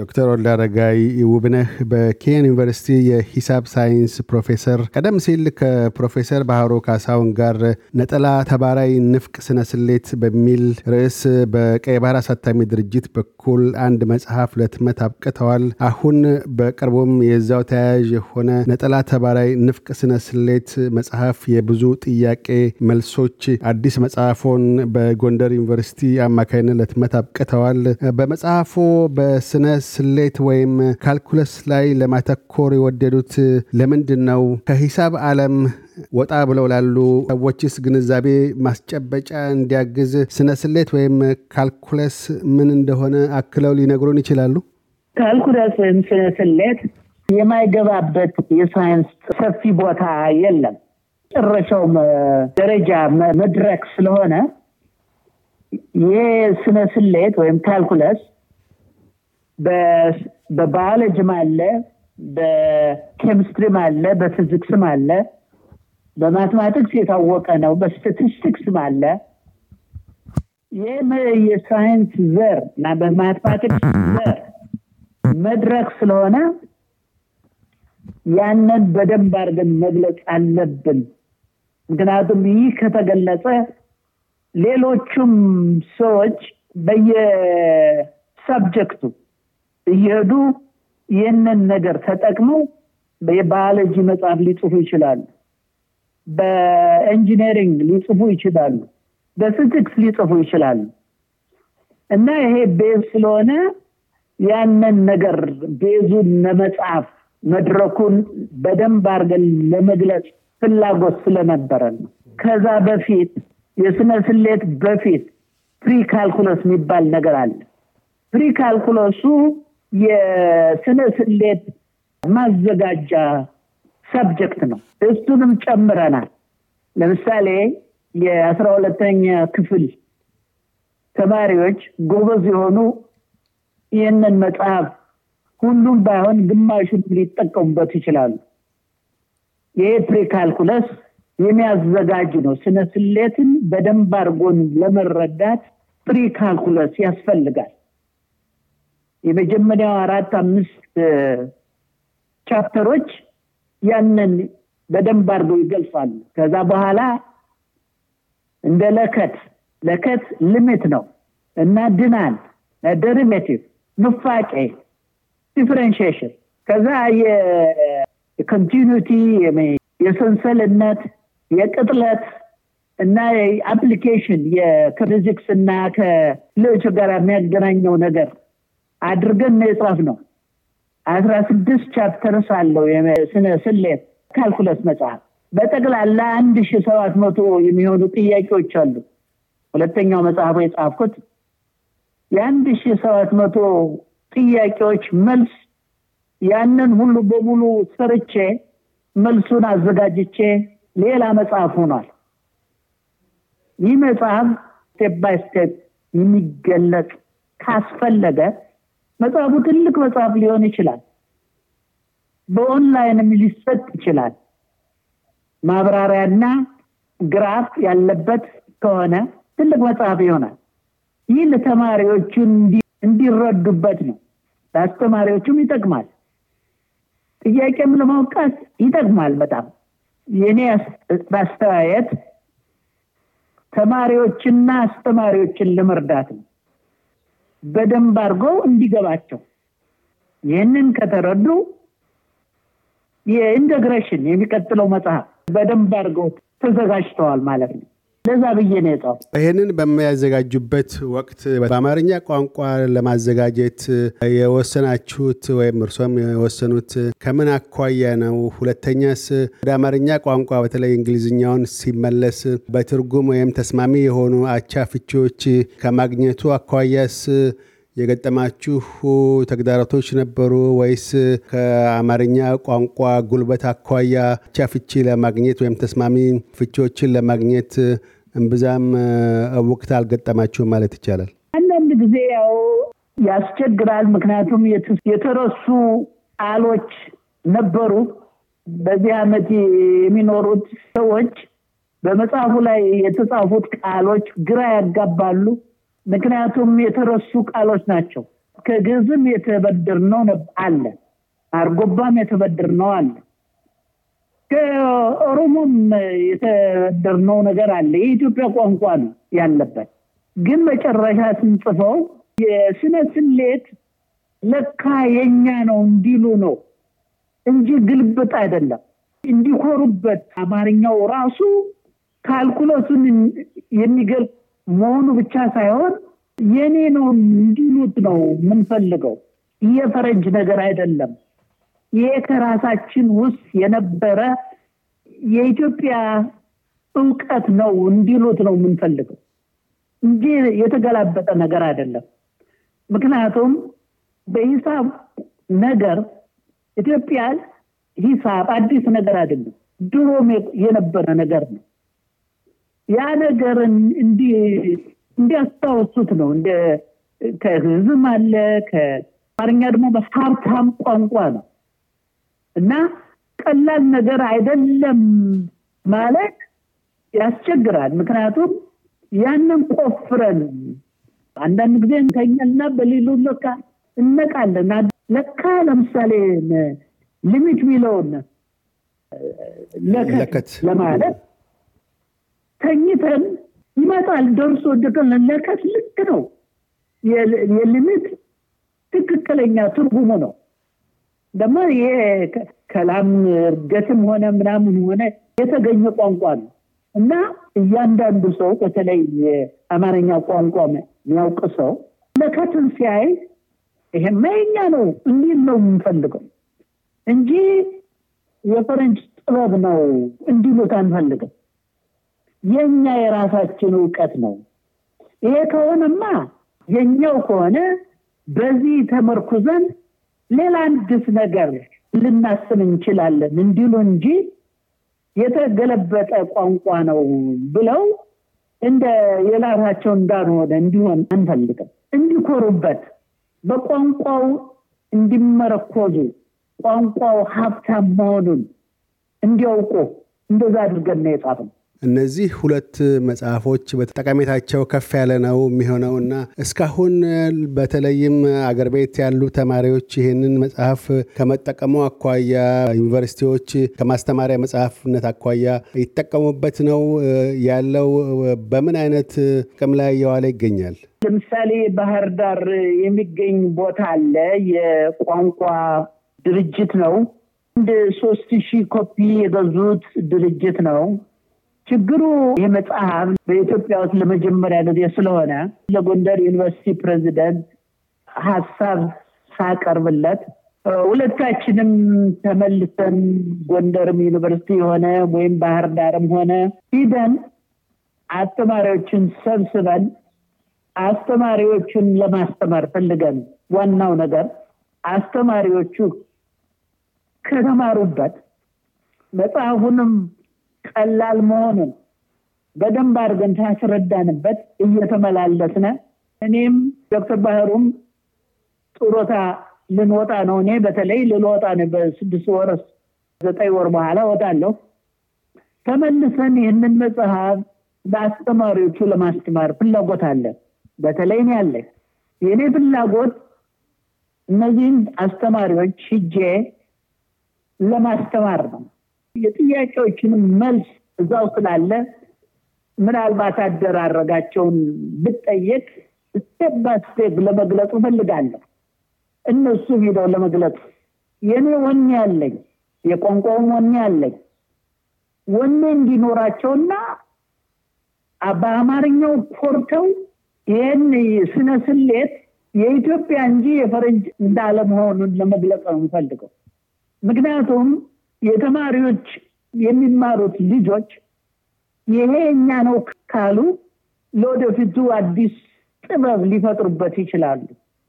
ዶክተር ወልደ አረጋይ ውብነህ በኬን ዩኒቨርሲቲ የሂሳብ ሳይንስ ፕሮፌሰር፣ ቀደም ሲል ከፕሮፌሰር ባህሩ ካሳሁን ጋር ነጠላ ተባራይ ንፍቅ ስነ ስሌት በሚል ርዕስ በቀይ ባህር አሳታሚ ድርጅት በኩል አንድ መጽሐፍ ለትመት አብቅተዋል። አሁን በቅርቡም የዛው ተያያዥ የሆነ ነጠላ ተባራይ ንፍቅ ስነ ስሌት መጽሐፍ የብዙ ጥያቄ መልሶች አዲስ መጽሐፎን በጎንደር ዩኒቨርሲቲ አማካይነት ለትመት አብቅተዋል። በመጽሐፎ በስነ ስሌት ወይም ካልኩለስ ላይ ለማተኮር የወደዱት ለምንድን ነው? ከሂሳብ ዓለም ወጣ ብለው ላሉ ሰዎችስ ግንዛቤ ማስጨበጫ እንዲያግዝ ስነ ስሌት ወይም ካልኩለስ ምን እንደሆነ አክለው ሊነግሩን ይችላሉ? ካልኩለስ ወይም ስነ ስሌት የማይገባበት የሳይንስ ሰፊ ቦታ የለም። መጨረሻው ደረጃ መድረክ ስለሆነ ይህ ስነ ስሌት ወይም ካልኩለስ በባዮሎጂም አለ በኬሚስትሪም አለ በፊዚክስም አለ በማትማቲክስ የታወቀ ነው በስታቲስቲክስም አለ ይህም የሳይንስ ዘር እና በማትማቲክስ ዘር መድረክ ስለሆነ ያንን በደንብ አድርገን መግለጽ አለብን ምክንያቱም ይህ ከተገለጸ ሌሎቹም ሰዎች በየሰብጀክቱ እየሄዱ ይህንን ነገር ተጠቅመው የባዮሎጂ መጽሐፍ ሊጽፉ ይችላሉ። በኢንጂነሪንግ ሊጽፉ ይችላሉ። በፊዚክስ ሊጽፉ ይችላሉ። እና ይሄ ቤዝ ስለሆነ ያንን ነገር ቤዙን ለመጻፍ መድረኩን በደንብ አድርገን ለመግለጽ ፍላጎት ስለነበረ ነው። ከዛ በፊት የስነ ስሌት በፊት ፕሪ ካልኩለስ የሚባል ነገር አለ። ፕሪ ካልኩለሱ የስነ ስሌት ማዘጋጃ ሰብጀክት ነው። እሱንም ጨምረናል። ለምሳሌ የአስራ ሁለተኛ ክፍል ተማሪዎች ጎበዝ የሆኑ ይህንን መጽሐፍ ሁሉም ባይሆን ግማሹን ሊጠቀሙበት ይችላሉ። ይሄ ፕሪካልኩለስ የሚያዘጋጅ ነው። ስነ ስሌትን በደንብ አድርጎን ለመረዳት ፕሪካልኩለስ ያስፈልጋል። የመጀመሪያው አራት አምስት ቻፕተሮች ያንን በደንብ አድርገው ይገልጻሉ። ከዛ በኋላ እንደ ለከት ለከት ሊሚት ነው እና ድናል ደሪቬቲቭ ንፋቄ ዲፍረንሽሽን ከዛ የኮንቲኒቲ የሰንሰልነት የቅጥለት እና አፕሊኬሽን ከፊዚክስ እና ከሌሎች ጋር የሚያገናኘው ነገር አድርገን መጽሐፍ ነው። አስራ ስድስት ቻፕተርስ አለው የስነ ስሌት ካልኩለስ መጽሐፍ። በጠቅላላ አንድ ሺ ሰባት መቶ የሚሆኑ ጥያቄዎች አሉ። ሁለተኛው መጽሐፉ የጻፍኩት የአንድ ሺ ሰባት መቶ ጥያቄዎች መልስ ያንን ሁሉ በሙሉ ሰርቼ መልሱን አዘጋጅቼ ሌላ መጽሐፍ ሆኗል። ይህ መጽሐፍ ስቴፕ ባይ ስቴፕ የሚገለጽ ካስፈለገ መጽሐፉ ትልቅ መጽሐፍ ሊሆን ይችላል። በኦንላይንም ሊሰጥ ይችላል። ማብራሪያና ግራፍ ያለበት ከሆነ ትልቅ መጽሐፍ ይሆናል። ይህ ለተማሪዎቹ እንዲረዱበት ነው። ለአስተማሪዎቹም ይጠቅማል። ጥያቄም ለማውቃት ይጠቅማል። በጣም የእኔ አስተያየት ተማሪዎችና አስተማሪዎችን ለመርዳት ነው። በደንብ አድርገው እንዲገባቸው ይህንን ከተረዱ የኢንተግሬሽን የሚቀጥለው መጽሐፍ በደንብ አድርገው ተዘጋጅተዋል ማለት ነው። ለዛ ብዬ ነው የጻፉ። ይህንን በሚያዘጋጁበት ወቅት በአማርኛ ቋንቋ ለማዘጋጀት የወሰናችሁት ወይም እርሶም የወሰኑት ከምን አኳያ ነው? ሁለተኛስ ወደ አማርኛ ቋንቋ በተለይ እንግሊዝኛውን ሲመለስ በትርጉም ወይም ተስማሚ የሆኑ አቻ ፍቺዎች ከማግኘቱ አኳያስ የገጠማችሁ ተግዳሮቶች ነበሩ ወይስ ከአማርኛ ቋንቋ ጉልበት አኳያ አቻ ፍቺ ለማግኘት ወይም ተስማሚ ፍቺዎችን ለማግኘት እምብዛም እውቅት አልገጠማችሁም ማለት ይቻላል። አንዳንድ ጊዜ ያው ያስቸግራል። ምክንያቱም የተረሱ ቃሎች ነበሩ። በዚህ ዓመት የሚኖሩት ሰዎች በመጽሐፉ ላይ የተጻፉት ቃሎች ግራ ያጋባሉ። ምክንያቱም የተረሱ ቃሎች ናቸው። ከግዕዝም ነው አለ፣ አርጎባም ነው አለ። ከኦሮሞም የተደርነው ነገር አለ። የኢትዮጵያ ቋንቋ ነው ያለበት። ግን መጨረሻ ስንጽፈው የስነ ስሌት ለካ የኛ ነው እንዲሉ ነው እንጂ ግልብጥ አይደለም። እንዲኮሩበት አማርኛው ራሱ ካልኩለቱን የሚገልጽ መሆኑ ብቻ ሳይሆን የኔ ነው እንዲሉት ነው የምንፈልገው። የፈረንጅ ነገር አይደለም። ይሄ ከራሳችን ውስጥ የነበረ የኢትዮጵያ እውቀት ነው እንዲሉት ነው የምንፈልገው እንጂ የተገላበጠ ነገር አይደለም። ምክንያቱም በሂሳብ ነገር ኢትዮጵያ ሂሳብ አዲስ ነገር አይደለም፣ ድሮም የነበረ ነገር ነው። ያ ነገር እንዲያስታውሱት ነው። ከህዝም አለ ከአማርኛ ደግሞ በሀብታም ቋንቋ ነው። እና ቀላል ነገር አይደለም ማለት ያስቸግራል። ምክንያቱም ያንን ቆፍረን አንዳንድ ጊዜ እንተኛልና በሌሉ ለካ እነቃለን። ለካ ለምሳሌ ሊሚት ሚለውን ለከት ለማለት ተኝተን ይመጣል ደርሶ ድቅን ለከት ልክ ነው። የሊሚት ትክክለኛ ትርጉሙ ነው። ደግሞ ይሄ ከላም እርገትም ሆነ ምናምን ሆነ የተገኘ ቋንቋ ነው እና እያንዳንዱ ሰው በተለይ የአማርኛ ቋንቋ የሚያውቅ ሰው መለከትን ሲያይ ይሄ መኛ ነው እንዲል ነው የምንፈልገው እንጂ የፈረንጅ ጥበብ ነው እንዲሉት አንፈልግም። የእኛ የራሳችን እውቀት ነው። ይሄ ከሆነማ የኛው ከሆነ በዚህ ተመርኩዘን ሌላ አንድስ ነገር ልናስብ እንችላለን እንዲሉ እንጂ የተገለበጠ ቋንቋ ነው ብለው እንደ የላራቸው እንዳልሆነ እንዲሆን አንፈልግም። እንዲኮሩበት፣ በቋንቋው እንዲመረኮዙ፣ ቋንቋው ሀብታም መሆኑን እንዲያውቁ እንደዛ አድርገን ነው የጻፍነው። እነዚህ ሁለት መጽሐፎች በጠቀሜታቸው ከፍ ያለ ነው የሚሆነው እና እስካሁን በተለይም አገር ቤት ያሉ ተማሪዎች ይህንን መጽሐፍ ከመጠቀሙ አኳያ ዩኒቨርሲቲዎች ከማስተማሪያ መጽሐፍነት አኳያ ይጠቀሙበት ነው ያለው። በምን አይነት ጥቅም ላይ የዋለ ይገኛል? ለምሳሌ ባህር ዳር የሚገኝ ቦታ አለ። የቋንቋ ድርጅት ነው። አንድ ሶስት ሺህ ኮፒ የገዙት ድርጅት ነው። ችግሩ ይህ መጽሐፍ በኢትዮጵያ ውስጥ ለመጀመሪያ ጊዜ ስለሆነ ለጎንደር ዩኒቨርሲቲ ፕሬዚደንት ሀሳብ ሳቀርብለት ሁለታችንም ተመልሰን ጎንደርም ዩኒቨርሲቲ ሆነ ወይም ባህር ዳርም ሆነ ሂደን አስተማሪዎችን ሰብስበን አስተማሪዎቹን ለማስተማር ፈልገን ዋናው ነገር አስተማሪዎቹ ከተማሩበት መጽሐፉንም ቀላል መሆኑን በደንብ አድርገን ታስረዳንበት እየተመላለስነ እኔም ዶክተር ባህሩም ጡረታ ልንወጣ ነው። እኔ በተለይ ልንወጣ ነው። በስድስት ወር ዘጠኝ ወር በኋላ ወጣለሁ። ተመልሰን ይህንን መጽሐፍ ለአስተማሪዎቹ ለማስተማር ፍላጎት አለ። በተለይ እኔ አለ የእኔ ፍላጎት እነዚህን አስተማሪዎች ሂጄ ለማስተማር ነው። የጥያቄዎችንም መልስ እዛው ስላለ ምናልባት አደራረጋቸውን ብጠየቅ ስቴፕ ባይ ስቴፕ ለመግለጡ እፈልጋለሁ። እነሱ ሄደው ለመግለጡ የእኔ ወኔ አለኝ፣ የቋንቋውም ወኔ አለኝ። ወኔ እንዲኖራቸውና በአማርኛው ኮርተው ይህን ስነ ስሌት የኢትዮጵያ እንጂ የፈረንጅ እንዳለመሆኑን ለመግለጽ ነው የምፈልገው። ምክንያቱም የተማሪዎች የሚማሩት ልጆች ይሄ እኛ ነው ካሉ ለወደፊቱ አዲስ ጥበብ ሊፈጥሩበት ይችላሉ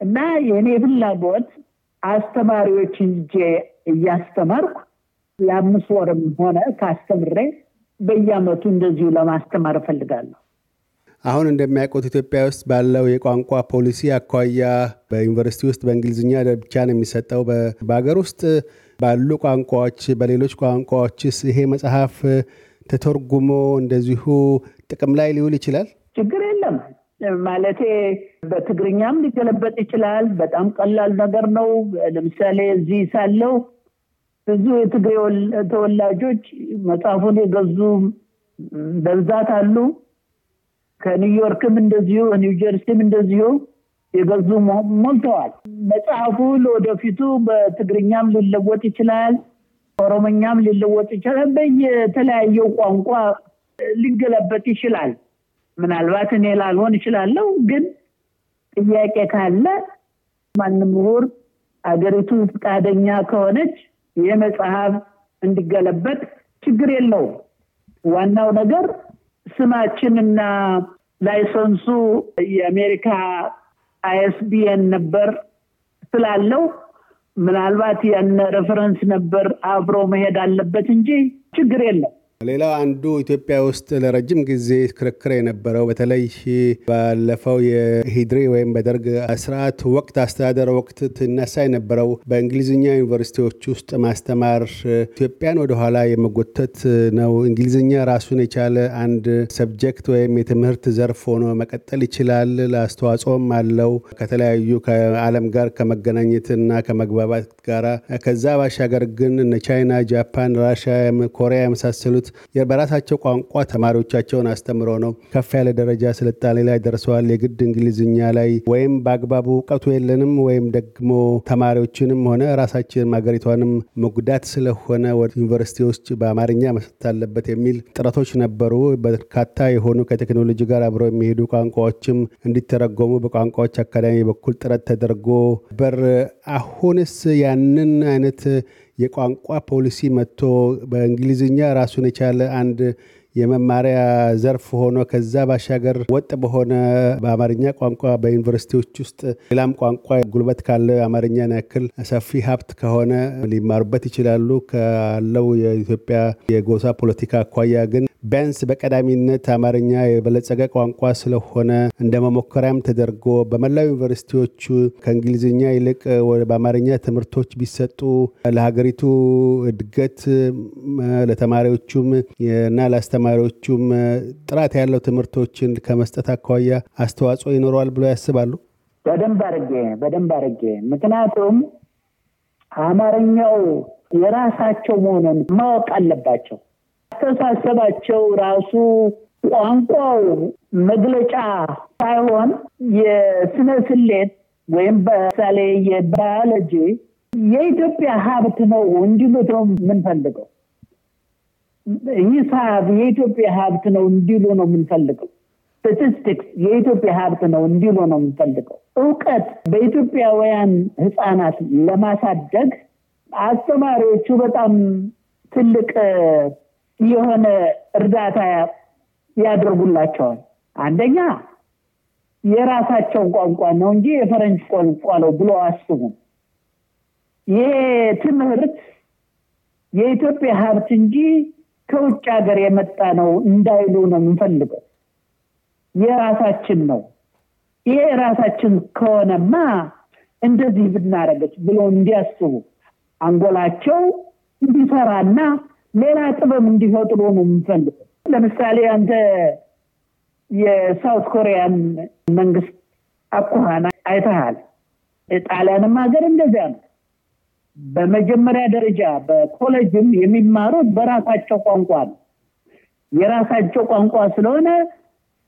እና የእኔ ፍላጎት አስተማሪዎች እንጂ እያስተማርኩ ለአምስት ወርም ሆነ ካስተምሬ በየአመቱ እንደዚሁ ለማስተማር እፈልጋለሁ። አሁን እንደሚያውቁት ኢትዮጵያ ውስጥ ባለው የቋንቋ ፖሊሲ አኳያ በዩኒቨርሲቲ ውስጥ በእንግሊዝኛ ብቻ ነው የሚሰጠው። በሀገር ውስጥ ባሉ ቋንቋዎች፣ በሌሎች ቋንቋዎችስ ይሄ መጽሐፍ ተተርጉሞ እንደዚሁ ጥቅም ላይ ሊውል ይችላል? ችግር የለም። ማለቴ በትግርኛም ሊገለበጥ ይችላል። በጣም ቀላል ነገር ነው። ለምሳሌ እዚህ ሳለው ብዙ የትግሬ ተወላጆች መጽሐፉን የገዙ በብዛት አሉ። ከኒውዮርክም እንደዚሁ፣ ኒውጀርሲም እንደዚሁ የገዙ ሞልተዋል። መጽሐፉ ለወደፊቱ በትግርኛም ሊለወጥ ይችላል፣ ኦሮሞኛም ሊለወጥ ይችላል፣ በየተለያየው ቋንቋ ሊገለበጥ ይችላል። ምናልባት እኔ ላልሆን እችላለሁ፣ ግን ጥያቄ ካለ ማንም ምሁር አገሪቱ ፈቃደኛ ከሆነች ይህ መጽሐፍ እንዲገለበጥ ችግር የለውም። ዋናው ነገር ስማችንና ላይሰንሱ የአሜሪካ አይኤስቢኤን ነበር ስላለው ምናልባት የነ ሬፈረንስ ነበር አብሮ መሄድ አለበት እንጂ ችግር የለም። ሌላው አንዱ ኢትዮጵያ ውስጥ ለረጅም ጊዜ ክርክር የነበረው በተለይ ባለፈው የሂድሪ ወይም በደርግ ስርዓት ወቅት አስተዳደር ወቅት ትነሳ የነበረው በእንግሊዝኛ ዩኒቨርሲቲዎች ውስጥ ማስተማር ኢትዮጵያን ወደኋላ የመጎተት ነው። እንግሊዝኛ ራሱን የቻለ አንድ ሰብጀክት ወይም የትምህርት ዘርፍ ሆኖ መቀጠል ይችላል። አስተዋጽኦም አለው ከተለያዩ ከዓለም ጋር ከመገናኘትና ከመግባባት ጋራ። ከዛ ባሻገር ግን እነ ቻይና፣ ጃፓን፣ ራሽያ፣ ኮሪያ የመሳሰሉት በራሳቸው ቋንቋ ተማሪዎቻቸውን አስተምሮ ነው ከፍ ያለ ደረጃ ስልጣኔ ላይ ደርሰዋል። የግድ እንግሊዝኛ ላይ ወይም በአግባቡ እውቀቱ የለንም ወይም ደግሞ ተማሪዎችንም ሆነ ራሳችን ሀገሪቷንም መጉዳት ስለሆነ ወደ ውስጥ በአማርኛ መሰት አለበት የሚል ጥረቶች ነበሩ። በርካታ የሆኑ ከቴክኖሎጂ ጋር አብረው የሚሄዱ ቋንቋዎችም እንዲተረጎሙ በቋንቋዎች አካዳሚ በኩል ጥረት ተደርጎ በር አሁንስ ያንን አይነት የቋንቋ ፖሊሲ መጥቶ በእንግሊዝኛ ራሱን የቻለ አንድ የመማሪያ ዘርፍ ሆኖ ከዛ ባሻገር ወጥ በሆነ በአማርኛ ቋንቋ በዩኒቨርሲቲዎች ውስጥ ሌላም ቋንቋ ጉልበት ካለ አማርኛን ያክል ሰፊ ሀብት ከሆነ ሊማሩበት ይችላሉ። ካለው የኢትዮጵያ የጎሳ ፖለቲካ አኳያ ግን ቢያንስ በቀዳሚነት አማርኛ የበለጸገ ቋንቋ ስለሆነ እንደ መሞከሪያም ተደርጎ በመላው ዩኒቨርሲቲዎቹ ከእንግሊዝኛ ይልቅ በአማርኛ ትምህርቶች ቢሰጡ ለሀገሪቱ እድገት ለተማሪዎቹም እና ለአስተማ ለተማሪዎቹም ጥራት ያለው ትምህርቶችን ከመስጠት አኳያ አስተዋጽኦ ይኖረዋል ብሎ ያስባሉ? በደንብ አርጌ በደንብ አርጌ ምክንያቱም አማርኛው የራሳቸው መሆኑን ማወቅ አለባቸው። አስተሳሰባቸው ራሱ ቋንቋው መግለጫ ሳይሆን የስነ ስሌት ወይም በምሳሌ የባዮሎጂ የኢትዮጵያ ሀብት ነው እንዲሉት ምንፈልገው ይህ ሰዓት የኢትዮጵያ ሀብት ነው እንዲሉ ነው የምንፈልገው። ስታቲስቲክስ የኢትዮጵያ ሀብት ነው እንዲሉ ነው የምንፈልገው። እውቀት በኢትዮጵያውያን ህፃናት ለማሳደግ አስተማሪዎቹ በጣም ትልቅ የሆነ እርዳታ ያደርጉላቸዋል። አንደኛ የራሳቸው ቋንቋ ነው እንጂ የፈረንጅ ቋንቋ ነው ብሎ አስቡም። ይሄ ትምህርት የኢትዮጵያ ሀብት እንጂ ከውጭ ሀገር የመጣ ነው እንዳይሉ ነው የምንፈልገው። የራሳችን ነው። ይሄ ራሳችን ከሆነማ እንደዚህ ብናደረገች ብሎ እንዲያስቡ አንጎላቸው እንዲሰራና ሌላ ጥበብ እንዲፈጥሩ ነው የምንፈልገው። ለምሳሌ አንተ የሳውት ኮሪያን መንግስት አኳኋና አይተሃል። ጣሊያንም ሀገር እንደዚያ ነው። በመጀመሪያ ደረጃ በኮሌጅም የሚማሩት በራሳቸው ቋንቋ ነው። የራሳቸው ቋንቋ ስለሆነ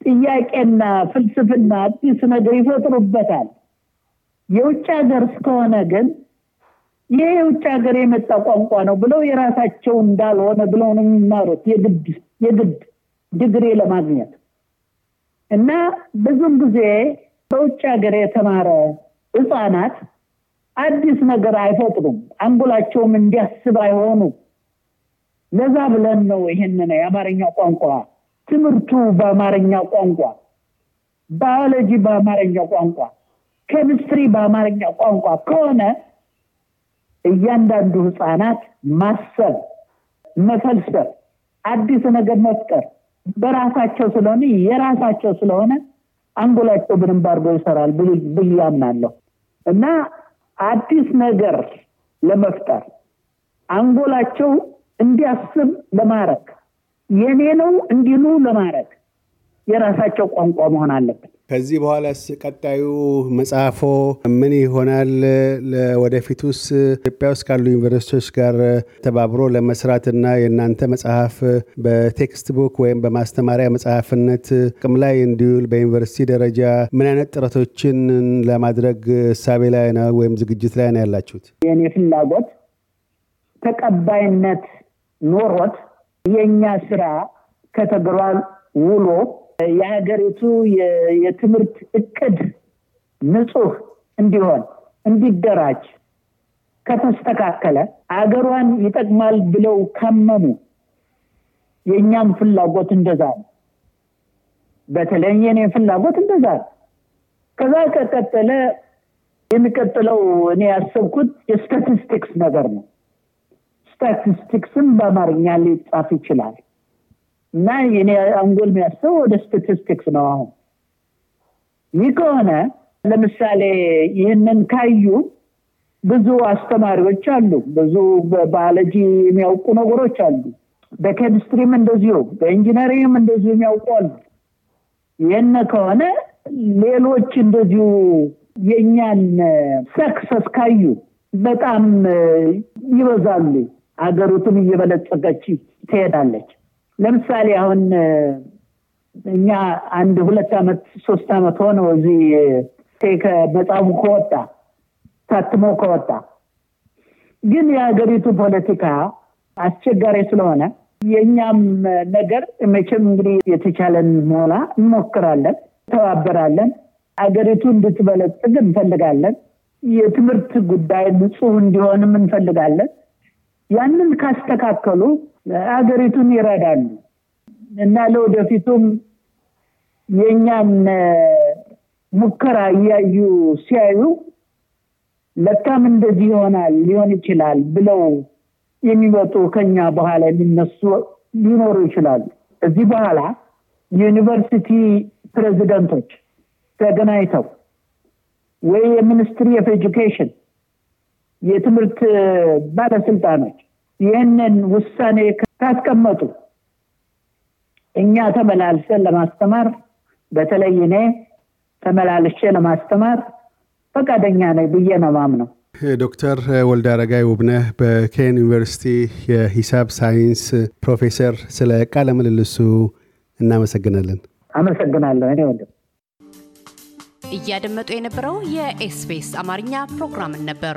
ጥያቄና ፍልስፍና አዲስ ነገር ይፈጥሩበታል። የውጭ ሀገር እስከሆነ ግን ይህ የውጭ ሀገር የመጣ ቋንቋ ነው ብለው የራሳቸው እንዳልሆነ ብለው ነው የሚማሩት የግድ የግድ ለማግኘት እና ብዙም ጊዜ በውጭ ሀገር የተማረ ህፃናት አዲስ ነገር አይፈጥሩም። አንጎላቸውም እንዲያስብ አይሆኑ። ለዛ ብለን ነው ይህንን የአማርኛ ቋንቋ ትምህርቱ በአማርኛ ቋንቋ፣ ባዮሎጂ በአማርኛ ቋንቋ፣ ኬሚስትሪ በአማርኛ ቋንቋ ከሆነ እያንዳንዱ ህፃናት ማሰብ፣ መፈልሰብ፣ አዲስ ነገር መፍጠር በራሳቸው ስለሆነ የራሳቸው ስለሆነ አንጎላቸው ብንም ይሰራል ብል ያምናለሁ እና አዲስ ነገር ለመፍጠር አንጎላቸው እንዲያስብ ለማድረግ የኔ ነው እንዲሉ ለማድረግ የራሳቸው ቋንቋ መሆን አለበት። ከዚህ በኋላስ ቀጣዩ መጽሐፎ ምን ይሆናል? ለወደፊቱስ ኢትዮጵያ ውስጥ ካሉ ዩኒቨርሲቲዎች ጋር ተባብሮ ለመስራትና የእናንተ መጽሐፍ በቴክስት ቡክ ወይም በማስተማሪያ መጽሐፍነት ጥቅም ላይ እንዲውል በዩኒቨርሲቲ ደረጃ ምን አይነት ጥረቶችን ለማድረግ እሳቤ ላይ ነው ወይም ዝግጅት ላይ ነው ያላችሁት? የእኔ ፍላጎት ተቀባይነት ኖሮት የእኛ ስራ ከተግሯል ውሎ የሀገሪቱ የትምህርት እቅድ ንጹህ እንዲሆን እንዲደራጅ ከተስተካከለ አገሯን ይጠቅማል ብለው ካመኑ የእኛም ፍላጎት እንደዛ ነው። በተለይ የኔ ፍላጎት እንደዛ ነው። ከዛ ከቀጠለ የሚቀጥለው እኔ ያሰብኩት የስታቲስቲክስ ነገር ነው። ስታቲስቲክስም በአማርኛ ሊጻፍ ይችላል። እና የኔ አንጎል የሚያስበው ወደ ስታቲስቲክስ ነው አሁን ይህ ከሆነ ለምሳሌ ይህንን ካዩ ብዙ አስተማሪዎች አሉ ብዙ በባዮሎጂ የሚያውቁ ነገሮች አሉ በኬሚስትሪም እንደዚሁ በኢንጂነሪንግም እንደዚሁ የሚያውቁ አሉ ይህን ከሆነ ሌሎች እንደዚሁ የእኛን ሰክሰስ ካዩ በጣም ይበዛሉ ሀገሪቱን እየበለጸገች ትሄዳለች ለምሳሌ አሁን እኛ አንድ ሁለት ዓመት ሶስት ዓመት ሆነው እዚህ መጽሐፉ ከወጣ ታትሞ ከወጣ ግን የሀገሪቱ ፖለቲካ አስቸጋሪ ስለሆነ የእኛም ነገር መቼም እንግዲህ የተቻለን ሞላ እንሞክራለን፣ እንተባበራለን። አገሪቱ እንድትበለጽግ እንፈልጋለን። የትምህርት ጉዳይ ንጹህ እንዲሆንም እንፈልጋለን። ያንን ካስተካከሉ አገሪቱን ይረዳሉ እና ለወደፊቱም የእኛን ሙከራ እያዩ ሲያዩ ለካም እንደዚህ ይሆናል ሊሆን ይችላል ብለው የሚመጡ ከኛ በኋላ የሚነሱ ሊኖሩ ይችላሉ እዚህ በኋላ ዩኒቨርሲቲ ፕሬዚደንቶች ተገናኝተው ወይ የሚኒስትሪ ኦፍ ኤጁኬሽን የትምህርት ባለስልጣኖች ይህንን ውሳኔ ካስቀመጡ እኛ ተመላልሰን ለማስተማር በተለይ እኔ ተመላልሼ ለማስተማር ፈቃደኛ ነኝ ብዬ ነማም ነው። ዶክተር ወልደ አረጋይ ውብነህ በኬን ዩኒቨርሲቲ የሂሳብ ሳይንስ ፕሮፌሰር፣ ስለ ቃለ ምልልሱ እናመሰግናለን። አመሰግናለሁ። እኔ ወንድም እያደመጡ የነበረው የኤስፔስ አማርኛ ፕሮግራምን ነበር።